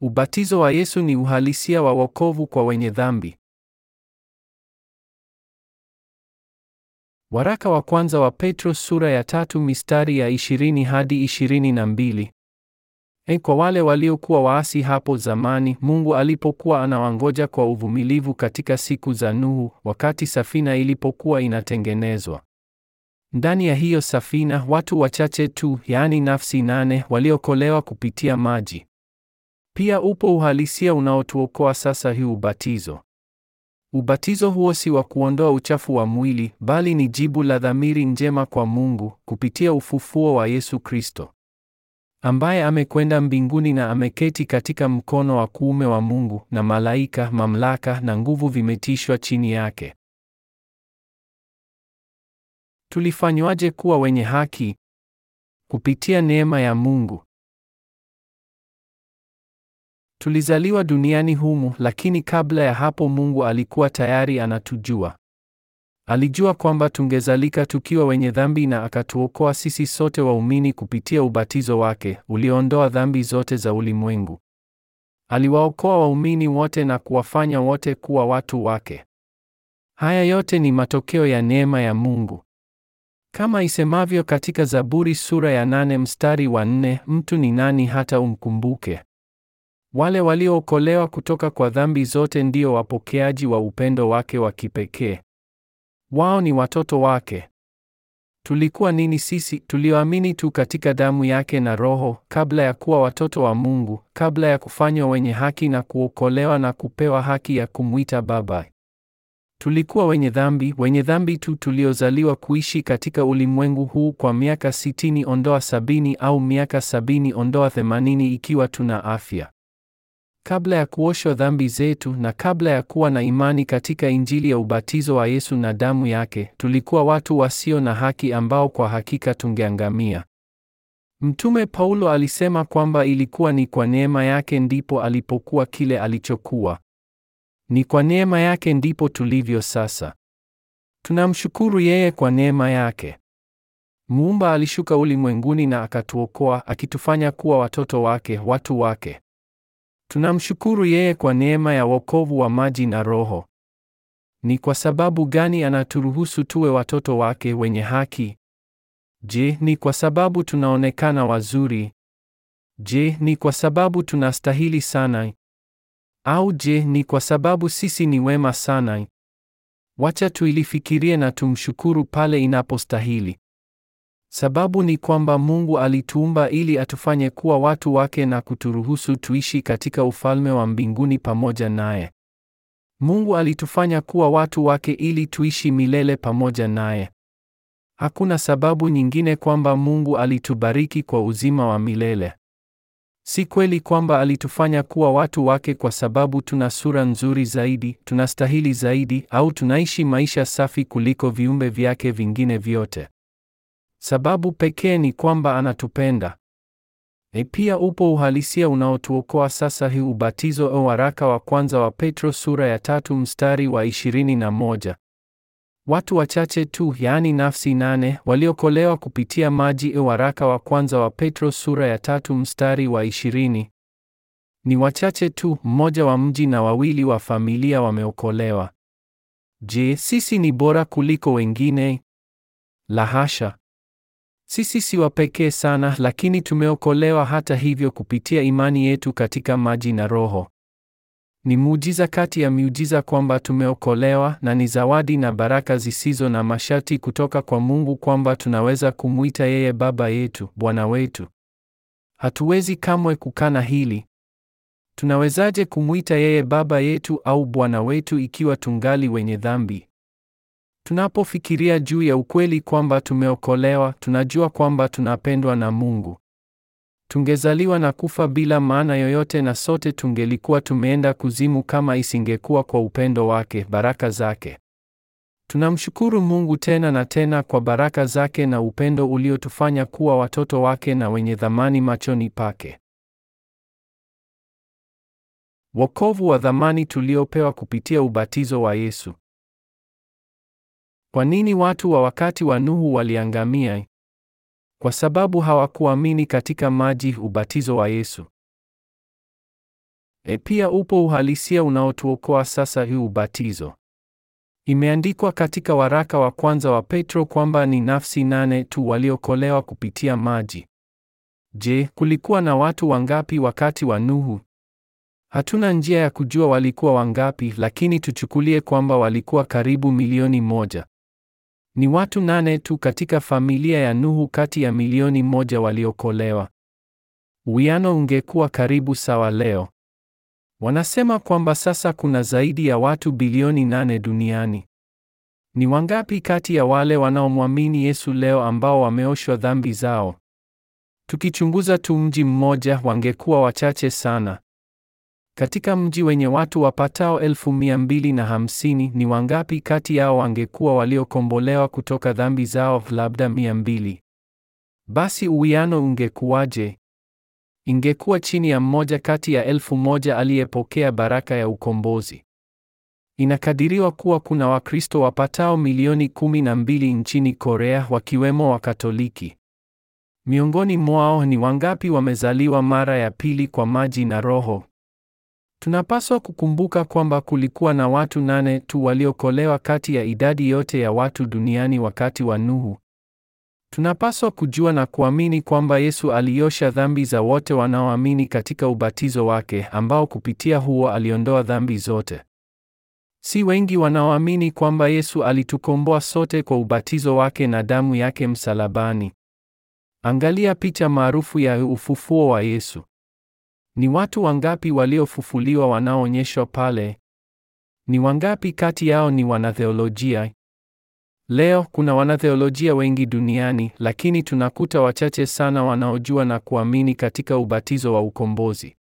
Ubatizo wa Yesu ni uhalisia wa wokovu kwa wenye dhambi. Waraka wa kwanza wa Petro sura ya tatu mistari ya 20 hadi 22. E, kwa wale waliokuwa waasi hapo zamani, Mungu alipokuwa anawangoja kwa uvumilivu katika siku za Nuhu, wakati safina ilipokuwa inatengenezwa. Ndani ya hiyo safina watu wachache tu, yaani nafsi nane, waliokolewa kupitia maji. Pia upo uhalisia unaotuokoa sasa hii ubatizo. Ubatizo huo si wa kuondoa uchafu wa mwili, bali ni jibu la dhamiri njema kwa Mungu kupitia ufufuo wa Yesu Kristo, ambaye amekwenda mbinguni na ameketi katika mkono wa kuume wa Mungu, na malaika, mamlaka na nguvu vimetishwa chini yake. Tulifanywaje kuwa wenye haki? Kupitia neema ya Mungu. Tulizaliwa duniani humu, lakini kabla ya hapo Mungu alikuwa tayari anatujua. Alijua kwamba tungezalika tukiwa wenye dhambi na akatuokoa sisi sote waumini kupitia ubatizo wake ulioondoa dhambi zote za ulimwengu. Aliwaokoa waumini wote na kuwafanya wote kuwa watu wake. Haya yote ni matokeo ya neema ya Mungu. Kama isemavyo katika Zaburi sura ya nane mstari wa nne, mtu ni nani hata umkumbuke? Wale waliookolewa kutoka kwa dhambi zote ndio wapokeaji wa upendo wake wa kipekee. Wao ni watoto wake. Tulikuwa nini sisi tulioamini tu katika damu yake na Roho kabla ya kuwa watoto wa Mungu, kabla ya kufanywa wenye haki na kuokolewa na kupewa haki ya kumwita Baba? Tulikuwa wenye dhambi, wenye dhambi tu tuliozaliwa kuishi katika ulimwengu huu kwa miaka sitini ondoa sabini au miaka sabini ondoa themanini ikiwa tuna afya. Kabla ya kuoshwa dhambi zetu na kabla ya kuwa na imani katika Injili ya ubatizo wa Yesu na damu yake, tulikuwa watu wasio na haki ambao kwa hakika tungeangamia. Mtume Paulo alisema kwamba ilikuwa ni kwa neema yake ndipo alipokuwa kile alichokuwa. Ni kwa neema yake ndipo tulivyo sasa. Tunamshukuru yeye kwa neema yake. Muumba alishuka ulimwenguni na akatuokoa, akitufanya kuwa watoto wake, watu wake. Tunamshukuru yeye kwa neema ya wokovu wa maji na Roho. Ni kwa sababu gani anaturuhusu tuwe watoto wake wenye haki? Je, ni kwa sababu tunaonekana wazuri? Je, ni kwa sababu tunastahili sana? Au je, ni kwa sababu sisi ni wema sana? Wacha tuilifikirie na tumshukuru pale inapostahili. Sababu ni kwamba Mungu alituumba ili atufanye kuwa watu wake na kuturuhusu tuishi katika ufalme wa mbinguni pamoja naye. Mungu alitufanya kuwa watu wake ili tuishi milele pamoja naye. Hakuna sababu nyingine kwamba Mungu alitubariki kwa uzima wa milele. Si kweli kwamba alitufanya kuwa watu wake kwa sababu tuna sura nzuri zaidi, tunastahili zaidi au tunaishi maisha safi kuliko viumbe vyake vingine vyote. Sababu pekee ni kwamba anatupenda. E, pia upo uhalisia unaotuokoa sasa, hii ubatizo au waraka wa kwanza wa Petro sura ya tatu mstari wa 21. Watu wachache tu, yaani nafsi nane, waliokolewa kupitia maji. E, waraka wa kwanza wa Petro sura ya tatu mstari wa 20. Ni wachache tu, mmoja wa mji na wawili wa familia wameokolewa. Je, sisi ni bora kuliko wengine? Lahasha! Sisi si wa pekee sana, lakini tumeokolewa hata hivyo kupitia imani yetu katika maji na Roho. Ni muujiza kati ya miujiza kwamba tumeokolewa na ni zawadi na baraka zisizo na masharti kutoka kwa Mungu kwamba tunaweza kumwita yeye Baba yetu, Bwana wetu. Hatuwezi kamwe kukana hili. Tunawezaje kumwita yeye Baba yetu au Bwana wetu ikiwa tungali wenye dhambi? Tunapofikiria juu ya ukweli kwamba tumeokolewa, tunajua kwamba tunapendwa na Mungu. Tungezaliwa na kufa bila maana yoyote na sote tungelikuwa tumeenda kuzimu kama isingekuwa kwa upendo wake, baraka zake. Tunamshukuru Mungu tena na tena kwa baraka zake na upendo uliotufanya kuwa watoto wake na wenye thamani machoni pake. Wokovu wa thamani tuliopewa kupitia ubatizo wa Yesu. Kwa nini watu wa wakati wa Nuhu waliangamia? Kwa sababu hawakuamini katika maji, ubatizo wa Yesu. E, pia upo uhalisia unaotuokoa sasa, hii ubatizo. Imeandikwa katika waraka wa kwanza wa Petro kwamba ni nafsi nane tu waliokolewa kupitia maji. Je, kulikuwa na watu wangapi wakati wa Nuhu? Hatuna njia ya kujua walikuwa wangapi, lakini tuchukulie kwamba walikuwa karibu milioni moja. Ni watu nane tu katika familia ya Nuhu kati ya milioni moja waliokolewa. Uwiano ungekuwa karibu sawa leo. Wanasema kwamba sasa kuna zaidi ya watu bilioni nane duniani. Ni wangapi kati ya wale wanaomwamini Yesu leo ambao wameoshwa dhambi zao? Tukichunguza tu mji mmoja, wangekuwa wachache sana. Katika mji wenye watu wapatao elfu mia mbili na hamsini, ni wangapi kati yao wangekuwa waliokombolewa kutoka dhambi zao? Labda mia mbili. Basi uwiano ungekuwaje? Ingekuwa chini ya mmoja kati ya elfu moja aliyepokea baraka ya ukombozi. Inakadiriwa kuwa kuna Wakristo wapatao milioni kumi na mbili nchini Korea, wakiwemo Wakatoliki. Miongoni mwao ni wangapi wamezaliwa mara ya pili kwa maji na Roho? Tunapaswa kukumbuka kwamba kulikuwa na watu nane tu waliokolewa kati ya idadi yote ya watu duniani wakati wa Nuhu. Tunapaswa kujua na kuamini kwamba Yesu aliosha dhambi za wote wanaoamini katika ubatizo wake ambao kupitia huo aliondoa dhambi zote. Si wengi wanaoamini kwamba Yesu alitukomboa sote kwa ubatizo wake na damu yake msalabani. Angalia picha maarufu ya ufufuo wa Yesu. Ni watu wangapi waliofufuliwa wanaoonyeshwa pale? Ni wangapi kati yao ni wanatheolojia? Leo kuna wanatheolojia wengi duniani, lakini tunakuta wachache sana wanaojua na kuamini katika ubatizo wa ukombozi.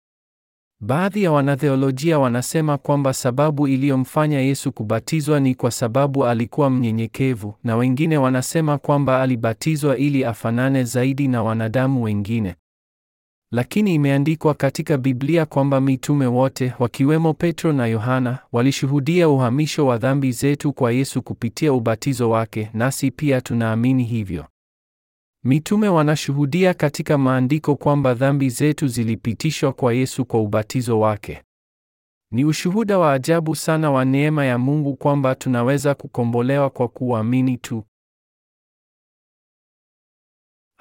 Baadhi ya wanatheolojia wanasema kwamba sababu iliyomfanya Yesu kubatizwa ni kwa sababu alikuwa mnyenyekevu, na wengine wanasema kwamba alibatizwa ili afanane zaidi na wanadamu wengine. Lakini imeandikwa katika Biblia kwamba mitume wote wakiwemo Petro na Yohana walishuhudia uhamisho wa dhambi zetu kwa Yesu kupitia ubatizo wake, nasi pia tunaamini hivyo. Mitume wanashuhudia katika maandiko kwamba dhambi zetu zilipitishwa kwa Yesu kwa ubatizo wake. Ni ushuhuda wa ajabu sana wa neema ya Mungu kwamba tunaweza kukombolewa kwa kuamini tu.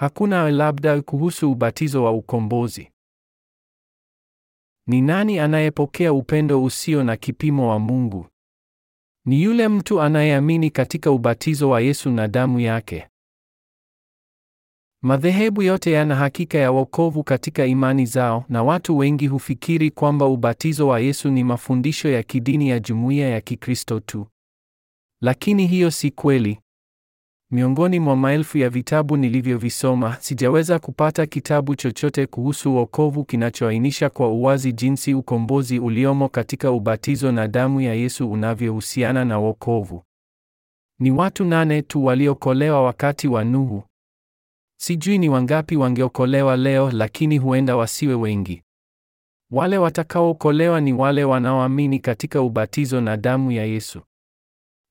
Hakuna labda kuhusu ubatizo wa ukombozi. Ni nani anayepokea upendo usio na kipimo wa Mungu? Ni yule mtu anayeamini katika ubatizo wa Yesu na damu yake. Madhehebu yote yana hakika ya wokovu katika imani zao na watu wengi hufikiri kwamba ubatizo wa Yesu ni mafundisho ya kidini ya jumuiya ya Kikristo tu. Lakini hiyo si kweli. Miongoni mwa maelfu ya vitabu nilivyovisoma, sijaweza kupata kitabu chochote kuhusu wokovu kinachoainisha kwa uwazi jinsi ukombozi uliomo katika ubatizo na damu ya Yesu unavyohusiana na wokovu. Ni watu nane tu waliokolewa wakati wa Nuhu. Sijui ni wangapi wangeokolewa leo, lakini huenda wasiwe wengi. Wale watakaookolewa ni wale wanaoamini katika ubatizo na damu ya Yesu.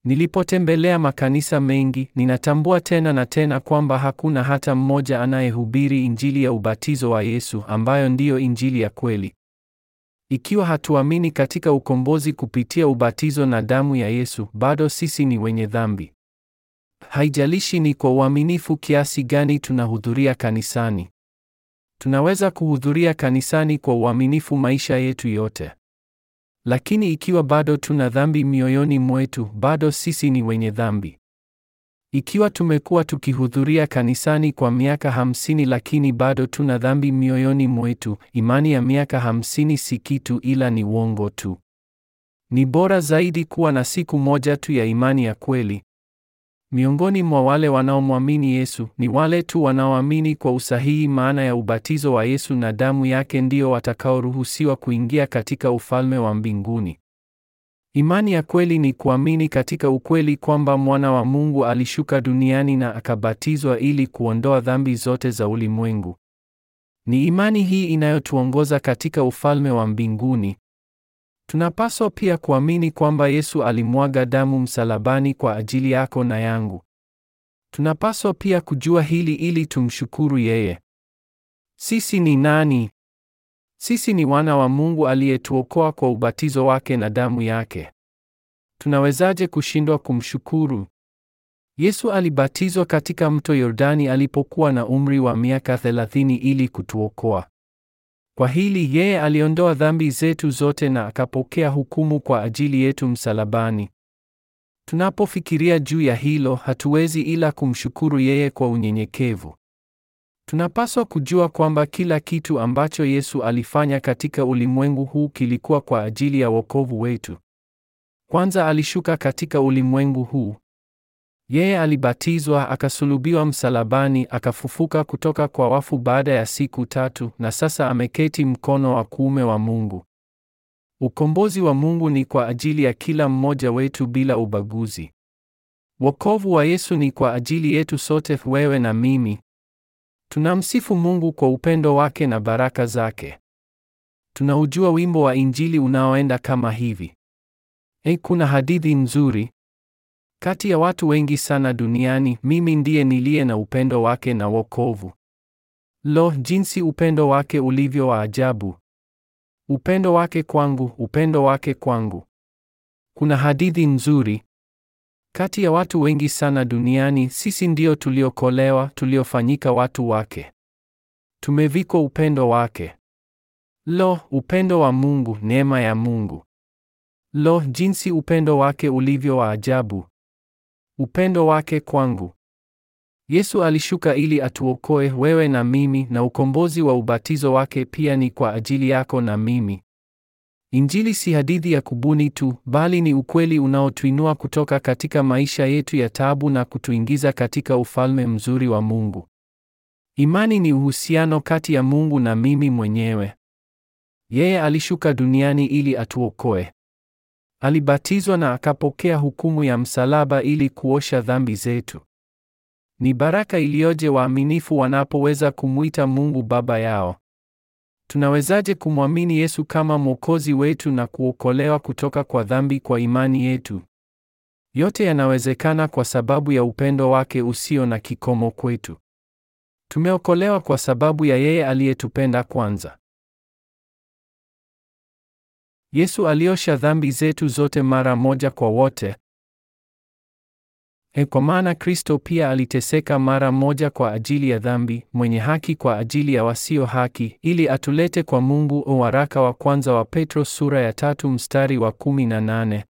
Nilipotembelea makanisa mengi, ninatambua tena na tena kwamba hakuna hata mmoja anayehubiri injili ya ubatizo wa Yesu ambayo ndiyo injili ya kweli. Ikiwa hatuamini katika ukombozi kupitia ubatizo na damu ya Yesu, bado sisi ni wenye dhambi. Haijalishi ni kwa uaminifu kiasi gani tunahudhuria kanisani. Tunaweza kuhudhuria kanisani kwa uaminifu maisha yetu yote. Lakini ikiwa bado tuna dhambi mioyoni mwetu, bado sisi ni wenye dhambi. Ikiwa tumekuwa tukihudhuria kanisani kwa miaka hamsini lakini bado tuna dhambi mioyoni mwetu, imani ya miaka hamsini si kitu ila ni uongo tu. Ni bora zaidi kuwa na siku moja tu ya imani ya kweli Miongoni mwa wale wanaomwamini Yesu ni wale tu wanaoamini kwa usahihi maana ya ubatizo wa Yesu na damu yake ndio watakaoruhusiwa kuingia katika ufalme wa mbinguni. Imani ya kweli ni kuamini katika ukweli kwamba mwana wa Mungu alishuka duniani na akabatizwa ili kuondoa dhambi zote za ulimwengu. Ni imani hii inayotuongoza katika ufalme wa mbinguni. Tunapaswa pia kuamini kwamba Yesu alimwaga damu msalabani kwa ajili yako na yangu. Tunapaswa pia kujua hili ili tumshukuru yeye. Sisi ni nani? Sisi ni wana wa Mungu aliyetuokoa kwa ubatizo wake na damu yake. Tunawezaje kushindwa kumshukuru? Yesu alibatizwa katika mto Yordani alipokuwa na umri wa miaka 30 ili kutuokoa. Kwa hili yeye aliondoa dhambi zetu zote na akapokea hukumu kwa ajili yetu msalabani. Tunapofikiria juu ya hilo, hatuwezi ila kumshukuru yeye kwa unyenyekevu. Tunapaswa kujua kwamba kila kitu ambacho Yesu alifanya katika ulimwengu huu kilikuwa kwa ajili ya wokovu wetu. Kwanza alishuka katika ulimwengu huu yeye alibatizwa, akasulubiwa msalabani, akafufuka kutoka kwa wafu baada ya siku tatu, na sasa ameketi mkono wa kuume wa Mungu. Ukombozi wa Mungu ni kwa ajili ya kila mmoja wetu bila ubaguzi. Wokovu wa Yesu ni kwa ajili yetu sote, wewe na mimi. Tunamsifu Mungu kwa upendo wake na baraka zake. Tunaujua wimbo wa Injili unaoenda kama hivi. E, kuna hadithi nzuri kati ya watu wengi sana duniani, mimi ndiye niliye na upendo wake na wokovu. Lo, jinsi upendo wake ulivyo wa ajabu! Upendo wake kwangu, upendo wake kwangu. Kuna hadithi nzuri. Kati ya watu wengi sana duniani, sisi ndio tuliokolewa, tuliofanyika watu wake. Tumevikwa upendo wake. Lo, upendo wa Mungu, neema ya Mungu. Lo, jinsi upendo wake ulivyo wa ajabu! upendo wake kwangu. Yesu alishuka ili atuokoe wewe na mimi, na ukombozi wa ubatizo wake pia ni kwa ajili yako na mimi. Injili si hadithi ya kubuni tu, bali ni ukweli unaotuinua kutoka katika maisha yetu ya taabu na kutuingiza katika ufalme mzuri wa Mungu. Imani ni uhusiano kati ya Mungu na mimi mwenyewe. Yeye alishuka duniani ili atuokoe. Alibatizwa na akapokea hukumu ya msalaba ili kuosha dhambi zetu. Ni baraka iliyoje waaminifu wanapoweza kumwita Mungu Baba yao. Tunawezaje kumwamini Yesu kama Mwokozi wetu na kuokolewa kutoka kwa dhambi kwa imani yetu? Yote yanawezekana kwa sababu ya upendo wake usio na kikomo kwetu. Tumeokolewa kwa sababu ya yeye aliyetupenda kwanza. Yesu aliosha dhambi zetu zote mara moja kwa wote. E, kwa maana Kristo pia aliteseka mara moja kwa ajili ya dhambi, mwenye haki kwa ajili ya wasio haki, ili atulete kwa Mungu. Waraka wa kwanza wa Petro sura ya tatu mstari wa 18.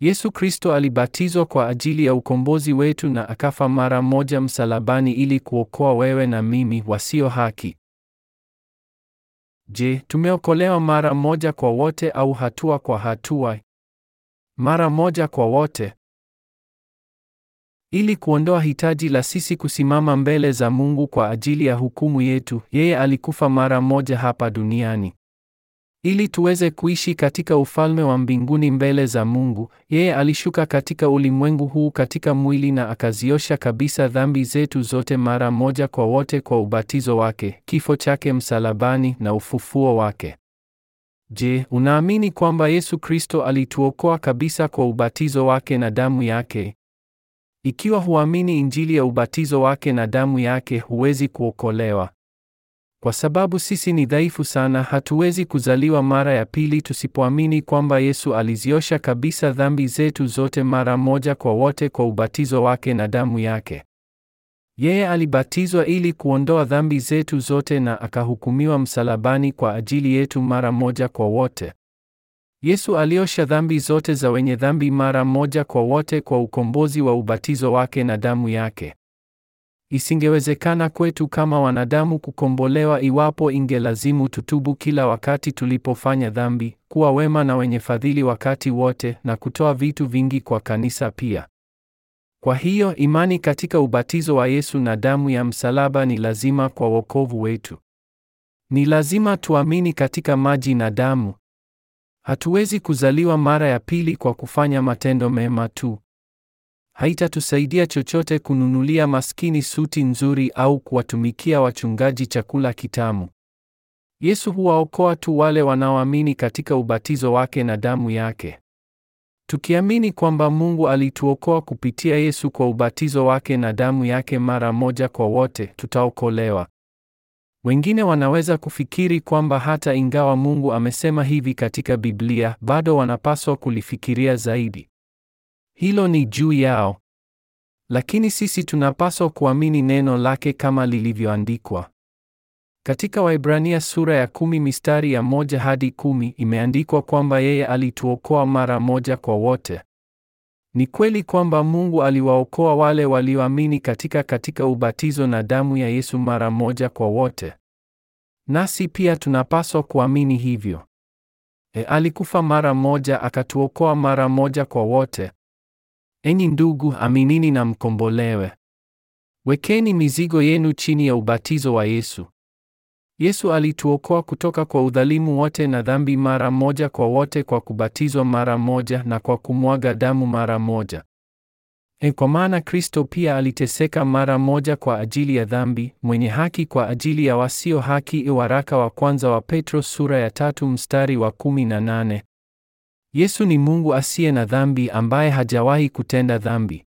Yesu Kristo alibatizwa kwa ajili ya ukombozi wetu na akafa mara moja msalabani ili kuokoa wewe na mimi wasio haki. Je, tumeokolewa mara moja kwa wote au hatua kwa hatua? Mara moja kwa wote. Ili kuondoa hitaji la sisi kusimama mbele za Mungu kwa ajili ya hukumu yetu, yeye alikufa mara moja hapa duniani. Ili tuweze kuishi katika ufalme wa mbinguni mbele za Mungu, yeye alishuka katika ulimwengu huu katika mwili na akaziosha kabisa dhambi zetu zote mara moja kwa wote kwa ubatizo wake, kifo chake msalabani na ufufuo wake. Je, unaamini kwamba Yesu Kristo alituokoa kabisa kwa ubatizo wake na damu yake? Ikiwa huamini injili ya ubatizo wake na damu yake, huwezi kuokolewa. Kwa sababu sisi ni dhaifu sana, hatuwezi kuzaliwa mara ya pili tusipoamini kwamba Yesu aliziosha kabisa dhambi zetu zote mara moja kwa wote kwa ubatizo wake na damu yake. Yeye alibatizwa ili kuondoa dhambi zetu zote na akahukumiwa msalabani kwa ajili yetu mara moja kwa wote. Yesu aliosha dhambi zote za wenye dhambi mara moja kwa wote kwa ukombozi wa ubatizo wake na damu yake. Isingewezekana kwetu kama wanadamu kukombolewa iwapo ingelazimu tutubu kila wakati tulipofanya dhambi, kuwa wema na wenye fadhili wakati wote na kutoa vitu vingi kwa kanisa pia. Kwa hiyo imani katika ubatizo wa Yesu na damu ya msalaba ni lazima kwa wokovu wetu. Ni lazima tuamini katika maji na damu. Hatuwezi kuzaliwa mara ya pili kwa kufanya matendo mema tu haitatusaidia chochote kununulia maskini suti nzuri au kuwatumikia wachungaji chakula kitamu. Yesu huwaokoa tu wale wanaoamini katika ubatizo wake na damu yake. Tukiamini kwamba Mungu alituokoa kupitia Yesu kwa ubatizo wake na damu yake mara moja kwa wote, tutaokolewa. Wengine wanaweza kufikiri kwamba hata ingawa Mungu amesema hivi katika Biblia, bado wanapaswa kulifikiria zaidi. Hilo ni juu yao. Lakini sisi tunapaswa kuamini neno lake kama lilivyoandikwa. Katika Waibrania sura ya kumi mistari ya moja hadi kumi imeandikwa kwamba yeye alituokoa mara moja kwa wote. Ni kweli kwamba Mungu aliwaokoa wale walioamini katika katika ubatizo na damu ya Yesu mara moja kwa wote. Nasi pia tunapaswa kuamini hivyo. E, alikufa mara moja akatuokoa mara moja kwa wote. Enyi ndugu, aminini na mkombolewe. Wekeni mizigo yenu chini ya ubatizo wa Yesu. Yesu alituokoa kutoka kwa udhalimu wote na dhambi mara moja kwa wote kwa kubatizwa mara moja na kwa kumwaga damu mara moja. E, kwa maana Kristo pia aliteseka mara moja kwa ajili ya dhambi, mwenye haki kwa ajili ya wasio haki. E, waraka wa kwanza wa Petro sura ya tatu mstari wa 18. Yesu ni Mungu asiye na dhambi ambaye hajawahi kutenda dhambi.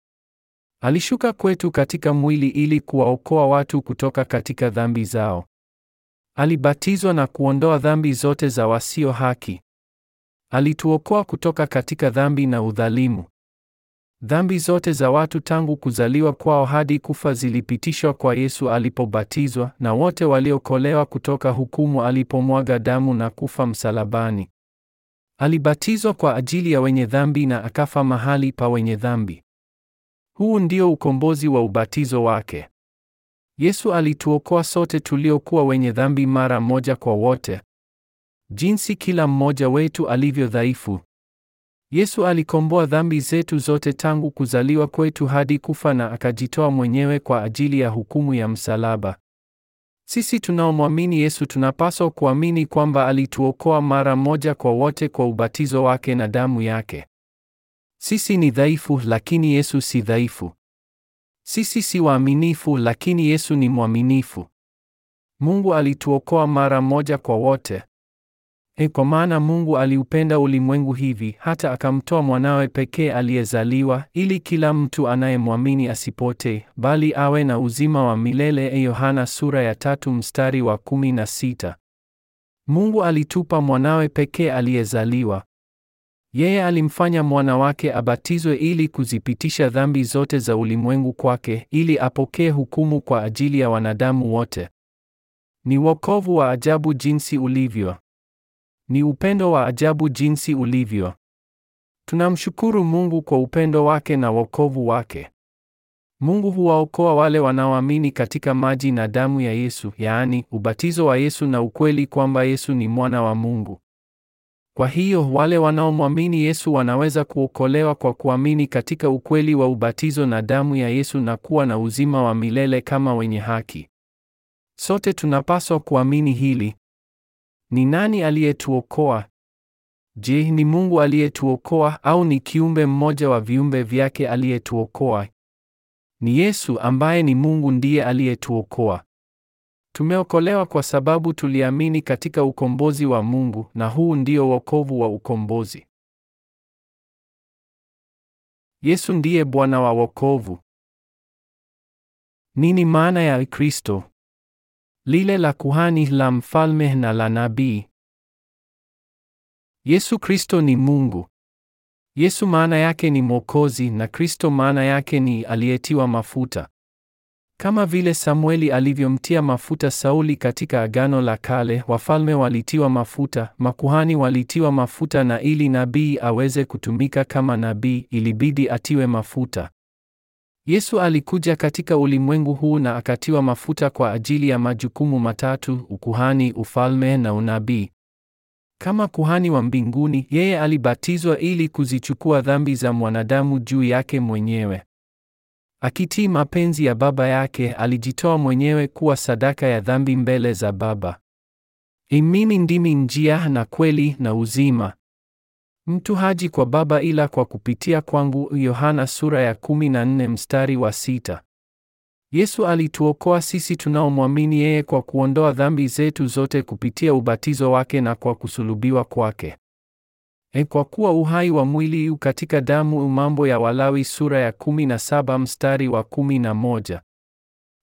Alishuka kwetu katika mwili ili kuwaokoa watu kutoka katika dhambi zao. Alibatizwa na kuondoa dhambi zote za wasio haki. Alituokoa kutoka katika dhambi na udhalimu. Dhambi zote za watu tangu kuzaliwa kwao hadi kufa zilipitishwa kwa Yesu alipobatizwa na wote waliokolewa kutoka hukumu alipomwaga damu na kufa msalabani. Alibatizwa kwa ajili ya wenye dhambi na akafa mahali pa wenye dhambi. Huu ndio ukombozi wa ubatizo wake. Yesu alituokoa sote tuliokuwa wenye dhambi mara moja kwa wote. Jinsi kila mmoja wetu alivyo dhaifu, Yesu alikomboa dhambi zetu zote tangu kuzaliwa kwetu hadi kufa na akajitoa mwenyewe kwa ajili ya hukumu ya msalaba. Sisi tunaomwamini Yesu tunapaswa kuamini kwamba alituokoa mara moja kwa wote kwa ubatizo wake na damu yake. Sisi ni dhaifu, lakini Yesu si dhaifu. Sisi si waaminifu, lakini Yesu ni mwaminifu. Mungu alituokoa mara moja kwa wote. E, kwa maana Mungu aliupenda ulimwengu hivi hata akamtoa mwanawe pekee aliyezaliwa, ili kila mtu anayemwamini asipote bali awe na uzima wa milele. E Yohana sura ya tatu mstari wa kumi na sita. Mungu alitupa mwanawe pekee aliyezaliwa. Yeye alimfanya mwana wake abatizwe ili kuzipitisha dhambi zote za ulimwengu kwake, ili apokee hukumu kwa ajili ya wanadamu wote. Ni wokovu wa ajabu jinsi ulivyo. Ni upendo wa ajabu jinsi ulivyo. Tunamshukuru Mungu kwa upendo wake na wokovu wake. Mungu huwaokoa wale wanaoamini katika maji na damu ya Yesu, yaani ubatizo wa Yesu na ukweli kwamba Yesu ni mwana wa Mungu. Kwa hiyo wale wanaomwamini Yesu wanaweza kuokolewa kwa kuamini katika ukweli wa ubatizo na damu ya Yesu na kuwa na uzima wa milele kama wenye haki. Sote tunapaswa kuamini hili. Ni nani aliyetuokoa? Je, ni Mungu aliyetuokoa au ni kiumbe mmoja wa viumbe vyake aliyetuokoa? Ni Yesu ambaye ni Mungu ndiye aliyetuokoa. Tumeokolewa kwa sababu tuliamini katika ukombozi wa Mungu na huu ndio wokovu wa ukombozi. Yesu ndiye Bwana wa wokovu. Nini maana ya Kristo? lile la kuhani, la mfalme na la nabii. Yesu Kristo ni Mungu. Yesu maana yake ni Mwokozi na Kristo maana yake ni aliyetiwa mafuta. Kama vile Samueli alivyomtia mafuta Sauli katika Agano la Kale, wafalme walitiwa mafuta, makuhani walitiwa mafuta na ili nabii aweze kutumika kama nabii, ilibidi atiwe mafuta. Yesu alikuja katika ulimwengu huu na akatiwa mafuta kwa ajili ya majukumu matatu: ukuhani, ufalme na unabii. Kama kuhani wa mbinguni, yeye alibatizwa ili kuzichukua dhambi za mwanadamu juu yake mwenyewe. Akitii mapenzi ya Baba yake, alijitoa mwenyewe kuwa sadaka ya dhambi mbele za Baba. Mimi ndimi njia na kweli na uzima. Mtu haji kwa Baba ila kwa kupitia kwangu. Yohana sura ya 14 mstari wa sita. Yesu alituokoa sisi tunaomwamini yeye kwa kuondoa dhambi zetu zote kupitia ubatizo wake na kwa kusulubiwa kwake. E, kwa kuwa uhai wa mwili u katika damu. Mambo ya Walawi sura ya 17 mstari wa 11.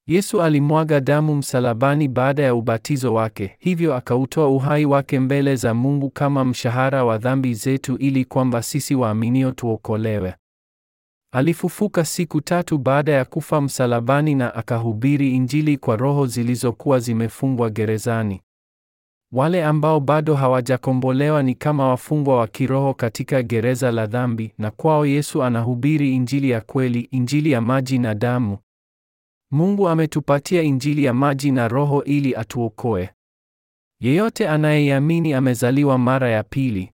Yesu alimwaga damu msalabani baada ya ubatizo wake, hivyo akautoa uhai wake mbele za Mungu kama mshahara wa dhambi zetu ili kwamba sisi waaminio tuokolewe. Alifufuka siku tatu baada ya kufa msalabani na akahubiri Injili kwa roho zilizokuwa zimefungwa gerezani. Wale ambao bado hawajakombolewa ni kama wafungwa wa kiroho katika gereza la dhambi, na kwao Yesu anahubiri Injili ya kweli, Injili ya maji na damu. Mungu ametupatia Injili ya maji na Roho ili atuokoe. Yeyote anayeamini amezaliwa mara ya pili.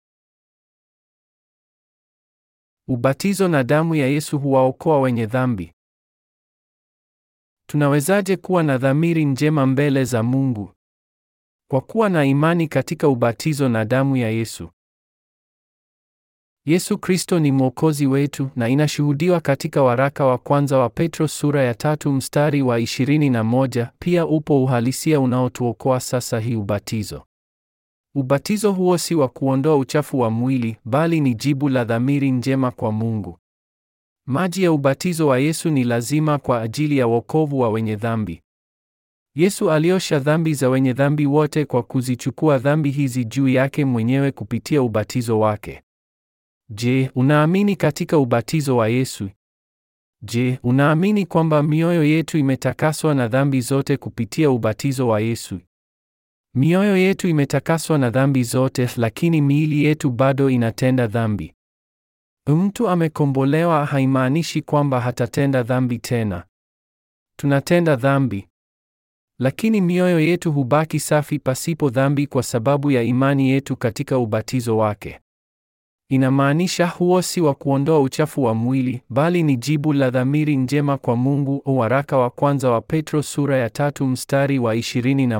Ubatizo na damu ya Yesu huwaokoa wenye dhambi. Tunawezaje kuwa na dhamiri njema mbele za Mungu? Kwa kuwa na imani katika ubatizo na damu ya Yesu. Yesu Kristo ni Mwokozi wetu na inashuhudiwa katika waraka wa kwanza wa Petro sura ya tatu mstari wa 21. Pia upo uhalisia unaotuokoa sasa hii ubatizo. Ubatizo huo si wa kuondoa uchafu wa mwili, bali ni jibu la dhamiri njema kwa Mungu. Maji ya ubatizo wa Yesu ni lazima kwa ajili ya wokovu wa wenye dhambi. Yesu aliosha dhambi za wenye dhambi wote kwa kuzichukua dhambi hizi juu yake mwenyewe kupitia ubatizo wake. Je, unaamini katika ubatizo wa Yesu? Je, unaamini kwamba mioyo yetu imetakaswa na dhambi zote kupitia ubatizo wa Yesu? Mioyo yetu imetakaswa na dhambi zote, lakini miili yetu bado inatenda dhambi. Mtu amekombolewa haimaanishi kwamba hatatenda dhambi tena. Tunatenda dhambi, lakini mioyo yetu hubaki safi pasipo dhambi kwa sababu ya imani yetu katika ubatizo wake. Inamaanisha huo si wa kuondoa uchafu wa mwili, bali ni jibu la dhamiri njema kwa Mungu. Waraka wa kwanza wa Petro sura ya tatu mstari wa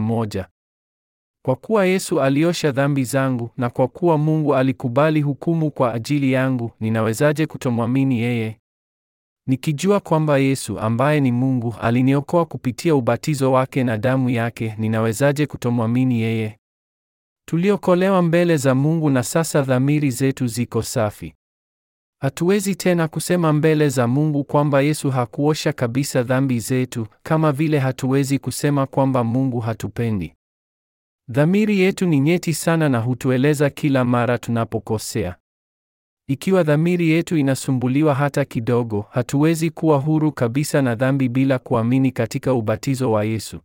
moja. Kwa kuwa Yesu aliosha dhambi zangu na kwa kuwa Mungu alikubali hukumu kwa ajili yangu, ninawezaje kutomwamini yeye? Nikijua kwamba Yesu ambaye ni Mungu aliniokoa kupitia ubatizo wake na damu yake, ninawezaje kutomwamini yeye? Tuliokolewa mbele za Mungu na sasa dhamiri zetu ziko safi. Hatuwezi tena kusema mbele za Mungu kwamba Yesu hakuosha kabisa dhambi zetu, kama vile hatuwezi kusema kwamba Mungu hatupendi. Dhamiri yetu ni nyeti sana na hutueleza kila mara tunapokosea. Ikiwa dhamiri yetu inasumbuliwa hata kidogo, hatuwezi kuwa huru kabisa na dhambi bila kuamini katika ubatizo wa Yesu.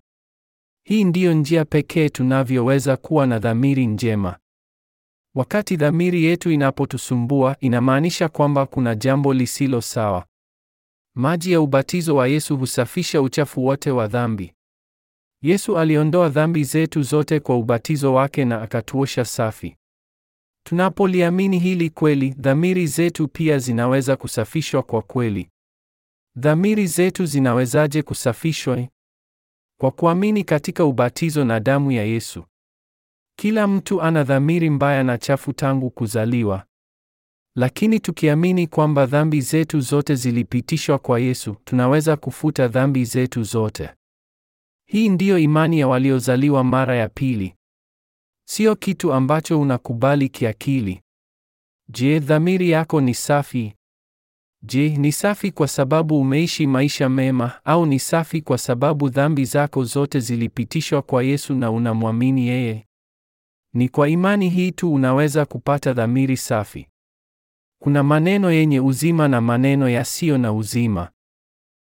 Hii ndiyo njia pekee tunavyoweza kuwa na dhamiri njema. Wakati dhamiri yetu inapotusumbua, inamaanisha kwamba kuna jambo lisilo sawa. Maji ya ubatizo wa Yesu husafisha uchafu wote wa dhambi. Yesu aliondoa dhambi zetu zote kwa ubatizo wake na akatuosha safi. Tunapoliamini hili kweli, dhamiri zetu pia zinaweza kusafishwa kwa kweli. Dhamiri zetu zinawezaje kusafishwa? Kwa kuamini katika ubatizo na damu ya Yesu, kila mtu ana dhamiri mbaya na chafu tangu kuzaliwa. Lakini tukiamini kwamba dhambi zetu zote zilipitishwa kwa Yesu, tunaweza kufuta dhambi zetu zote. Hii ndiyo imani ya waliozaliwa mara ya pili. Sio kitu ambacho unakubali kiakili. Je, dhamiri yako ni safi? Je, ni safi kwa sababu umeishi maisha mema au ni safi kwa sababu dhambi zako zote zilipitishwa kwa Yesu na unamwamini yeye? Ni kwa imani hii tu unaweza kupata dhamiri safi. Kuna maneno yenye uzima na maneno yasiyo na uzima.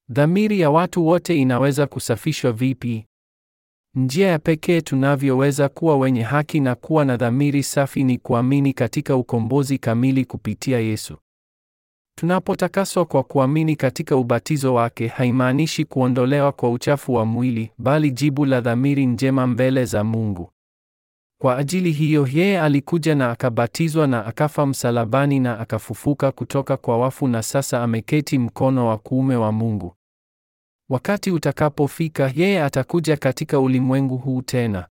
Dhamiri ya watu wote inaweza kusafishwa vipi? Njia ya pekee tunavyoweza kuwa wenye haki na kuwa na dhamiri safi ni kuamini katika ukombozi kamili kupitia Yesu. Tunapotakaswa kwa kuamini katika ubatizo wake haimaanishi kuondolewa kwa uchafu wa mwili, bali jibu la dhamiri njema mbele za Mungu. Kwa ajili hiyo yeye alikuja na akabatizwa na akafa msalabani na akafufuka kutoka kwa wafu na sasa ameketi mkono wa kuume wa Mungu. Wakati utakapofika, yeye atakuja katika ulimwengu huu tena.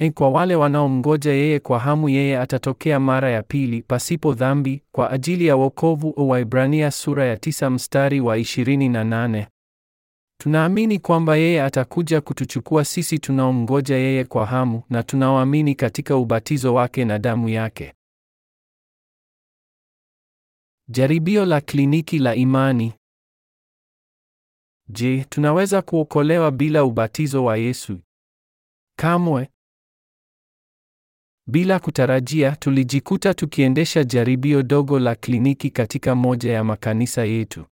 E, kwa wale wanaomngoja yeye kwa hamu, yeye atatokea mara ya pili pasipo dhambi kwa ajili ya wokovu. Waibrania sura ya tisa mstari wa 28. Tunaamini kwamba yeye atakuja kutuchukua sisi tunaomngoja yeye kwa hamu na tunaoamini katika ubatizo wake na damu yake. Jaribio la kliniki la imani. Je, tunaweza kuokolewa bila ubatizo wa Yesu? Kamwe. Bila kutarajia, tulijikuta tukiendesha jaribio dogo la kliniki katika moja ya makanisa yetu.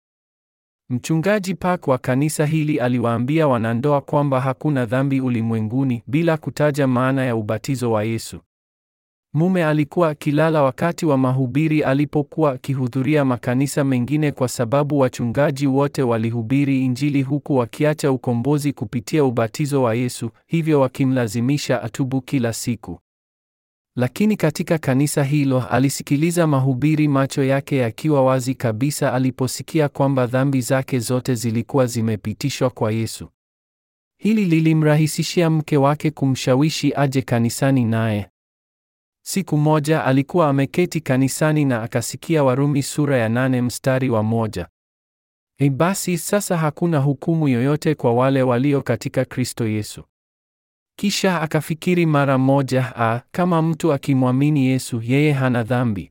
Mchungaji Park wa kanisa hili aliwaambia wanandoa kwamba hakuna dhambi ulimwenguni bila kutaja maana ya ubatizo wa Yesu. Mume alikuwa akilala wakati wa mahubiri alipokuwa akihudhuria makanisa mengine kwa sababu wachungaji wote walihubiri Injili huku wakiacha ukombozi kupitia ubatizo wa Yesu, hivyo wakimlazimisha atubu kila siku. Lakini katika kanisa hilo alisikiliza mahubiri, macho yake yakiwa wazi kabisa aliposikia kwamba dhambi zake zote zilikuwa zimepitishwa kwa Yesu. Hili lilimrahisishia mke wake kumshawishi aje kanisani naye. Siku moja alikuwa ameketi kanisani na akasikia Warumi sura ya nane mstari wa moja. E, basi sasa hakuna hukumu yoyote kwa wale walio katika Kristo Yesu. Kisha akafikiri mara moja, a kama mtu akimwamini Yesu yeye hana dhambi.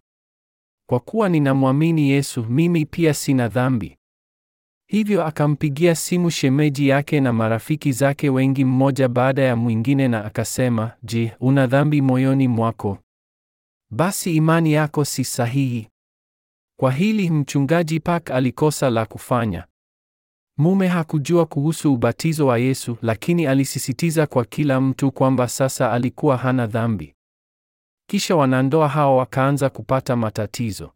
Kwa kuwa ninamwamini Yesu mimi pia sina dhambi. Hivyo akampigia simu shemeji yake na marafiki zake wengi mmoja baada ya mwingine na akasema, "Je, una dhambi moyoni mwako? Basi imani yako si sahihi." Kwa hili mchungaji Park alikosa la kufanya. Mume hakujua kuhusu ubatizo wa Yesu, lakini alisisitiza kwa kila mtu kwamba sasa alikuwa hana dhambi. Kisha wanandoa hao wakaanza kupata matatizo.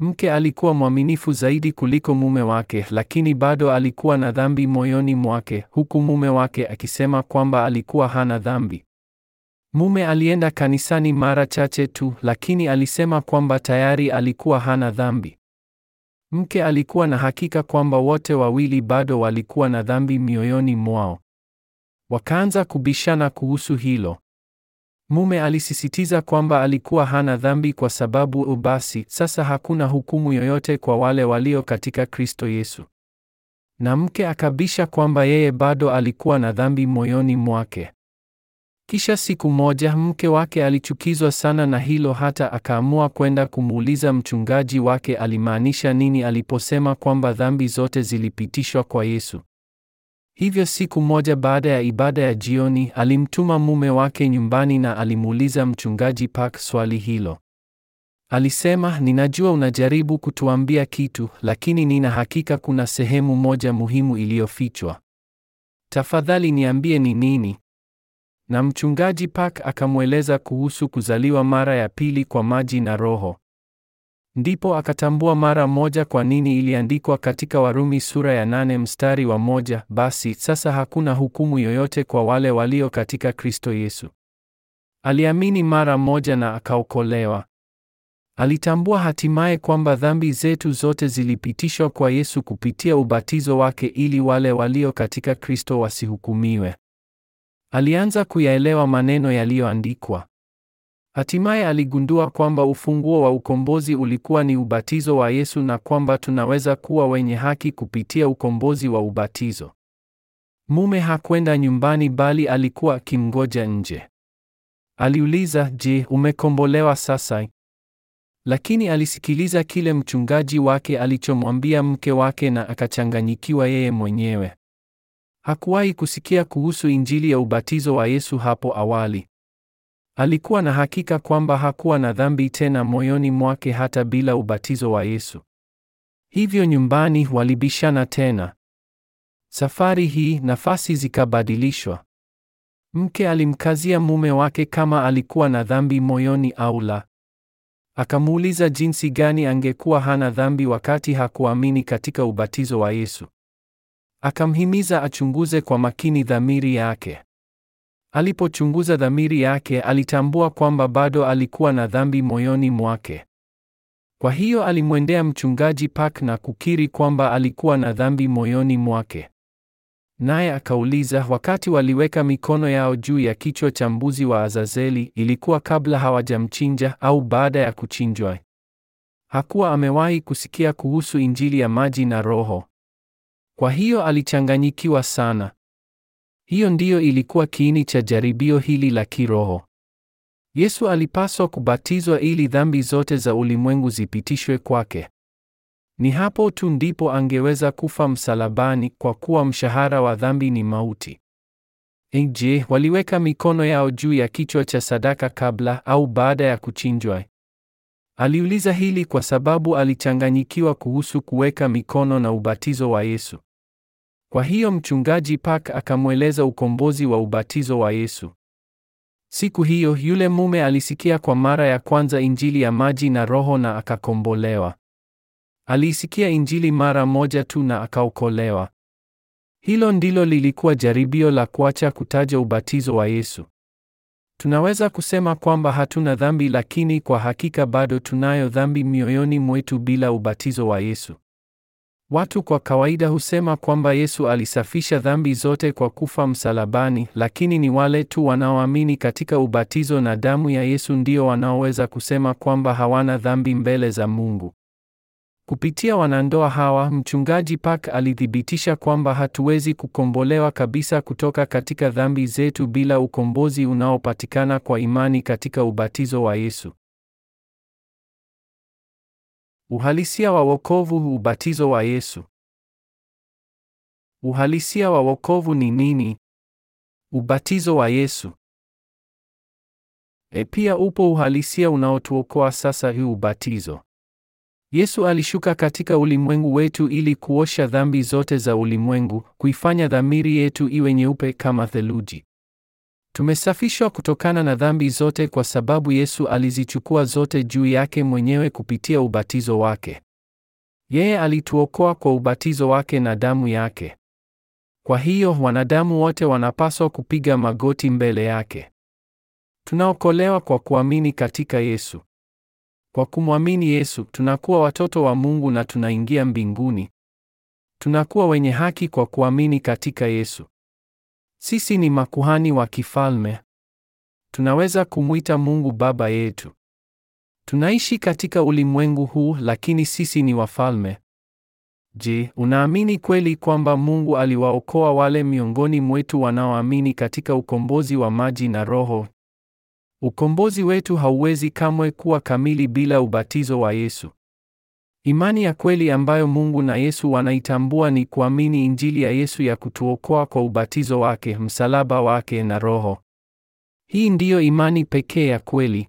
Mke alikuwa mwaminifu zaidi kuliko mume wake, lakini bado alikuwa na dhambi moyoni mwake, huku mume wake akisema kwamba alikuwa hana dhambi. Mume alienda kanisani mara chache tu, lakini alisema kwamba tayari alikuwa hana dhambi. Mke alikuwa na hakika kwamba wote wawili bado walikuwa na dhambi mioyoni mwao. Wakaanza kubishana kuhusu hilo. Mume alisisitiza kwamba alikuwa hana dhambi kwa sababu ubasi oh, sasa hakuna hukumu yoyote kwa wale walio katika Kristo Yesu. Na mke akabisha kwamba yeye bado alikuwa na dhambi moyoni mwake. Kisha siku moja mke wake alichukizwa sana na hilo hata akaamua kwenda kumuuliza mchungaji wake alimaanisha nini aliposema kwamba dhambi zote zilipitishwa kwa Yesu. Hivyo siku moja baada ya ibada ya jioni alimtuma mume wake nyumbani na alimuuliza mchungaji Park swali hilo. Alisema, ninajua unajaribu kutuambia kitu, lakini nina hakika kuna sehemu moja muhimu iliyofichwa. Tafadhali niambie ni nini? Na mchungaji Park akamweleza kuhusu kuzaliwa mara ya pili kwa maji na Roho. Ndipo akatambua mara moja kwa nini iliandikwa katika Warumi sura ya nane mstari wa moja, basi sasa hakuna hukumu yoyote kwa wale walio katika Kristo Yesu. Aliamini mara moja na akaokolewa. Alitambua hatimaye kwamba dhambi zetu zote zilipitishwa kwa Yesu kupitia ubatizo wake ili wale walio katika Kristo wasihukumiwe. Alianza kuyaelewa maneno yaliyoandikwa. Hatimaye aligundua kwamba ufunguo wa ukombozi ulikuwa ni ubatizo wa Yesu na kwamba tunaweza kuwa wenye haki kupitia ukombozi wa ubatizo. Mume hakwenda nyumbani bali alikuwa akimngoja nje. Aliuliza, "Je, umekombolewa sasa?" Lakini alisikiliza kile mchungaji wake alichomwambia mke wake na akachanganyikiwa yeye mwenyewe. Hakuwahi kusikia kuhusu Injili ya ubatizo wa Yesu hapo awali. Alikuwa na hakika kwamba hakuwa na dhambi tena moyoni mwake hata bila ubatizo wa Yesu. Hivyo nyumbani walibishana tena. Safari hii nafasi zikabadilishwa. Mke alimkazia mume wake kama alikuwa na dhambi moyoni au la. Akamuuliza jinsi gani angekuwa hana dhambi wakati hakuamini katika ubatizo wa Yesu. Akamhimiza achunguze kwa makini dhamiri yake. Alipochunguza dhamiri yake, alitambua kwamba bado alikuwa na dhambi moyoni mwake. Kwa hiyo alimwendea mchungaji Park na kukiri kwamba alikuwa na dhambi moyoni mwake. Naye akauliza, wakati waliweka mikono yao juu ya kichwa cha mbuzi wa Azazeli, ilikuwa kabla hawajamchinja au baada ya kuchinjwa? Hakuwa amewahi kusikia kuhusu Injili ya maji na Roho. Kwa hiyo alichanganyikiwa sana. Hiyo ndiyo ilikuwa kiini cha jaribio hili la kiroho. Yesu alipaswa kubatizwa ili dhambi zote za ulimwengu zipitishwe kwake. Ni hapo tu ndipo angeweza kufa msalabani kwa kuwa mshahara wa dhambi ni mauti. Je, waliweka mikono yao juu ya kichwa cha sadaka kabla au baada ya kuchinjwa? Aliuliza hili kwa sababu alichanganyikiwa kuhusu kuweka mikono na ubatizo wa Yesu. Kwa hiyo mchungaji Park akamweleza ukombozi wa ubatizo wa Yesu. Siku hiyo yule mume alisikia kwa mara ya kwanza injili ya maji na Roho na akakombolewa. Alisikia injili mara moja tu na akaokolewa. Hilo ndilo lilikuwa jaribio la kuacha kutaja ubatizo wa Yesu. Tunaweza kusema kwamba hatuna dhambi, lakini kwa hakika bado tunayo dhambi mioyoni mwetu bila ubatizo wa Yesu. Watu kwa kawaida husema kwamba Yesu alisafisha dhambi zote kwa kufa msalabani, lakini ni wale tu wanaoamini katika ubatizo na damu ya Yesu ndio wanaoweza kusema kwamba hawana dhambi mbele za Mungu. Kupitia wanandoa hawa, mchungaji Park alithibitisha kwamba hatuwezi kukombolewa kabisa kutoka katika dhambi zetu bila ukombozi unaopatikana kwa imani katika ubatizo wa Yesu. Uhalisia wa wokovu, ubatizo wa Yesu. Uhalisia wa wokovu ni nini? Ubatizo wa Yesu. E, pia upo uhalisia unaotuokoa sasa, hii ubatizo. Yesu alishuka katika ulimwengu wetu ili kuosha dhambi zote za ulimwengu, kuifanya dhamiri yetu iwe nyeupe kama theluji. Tumesafishwa kutokana na dhambi zote kwa sababu Yesu alizichukua zote juu yake mwenyewe kupitia ubatizo wake. Yeye alituokoa kwa ubatizo wake na damu yake. Kwa hiyo wanadamu wote wanapaswa kupiga magoti mbele yake. Tunaokolewa kwa kuamini katika Yesu. Kwa kumwamini Yesu tunakuwa watoto wa Mungu na tunaingia mbinguni. Tunakuwa wenye haki kwa kuamini katika Yesu. Sisi ni makuhani wa kifalme. Tunaweza kumwita Mungu Baba yetu. Tunaishi katika ulimwengu huu lakini sisi ni wafalme. Je, unaamini kweli kwamba Mungu aliwaokoa wale miongoni mwetu wanaoamini katika ukombozi wa maji na Roho? Ukombozi wetu hauwezi kamwe kuwa kamili bila ubatizo wa Yesu. Imani ya kweli ambayo Mungu na Yesu wanaitambua ni kuamini Injili ya Yesu ya kutuokoa kwa ubatizo wake, msalaba wake na Roho. Hii ndiyo imani pekee ya kweli.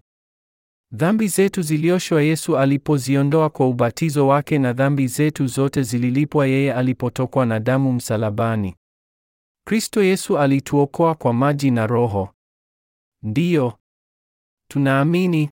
Dhambi zetu zilioshwa Yesu alipoziondoa kwa ubatizo wake na dhambi zetu zote zililipwa yeye alipotokwa na damu msalabani. Kristo Yesu alituokoa kwa maji na Roho. Ndiyo. Tunaamini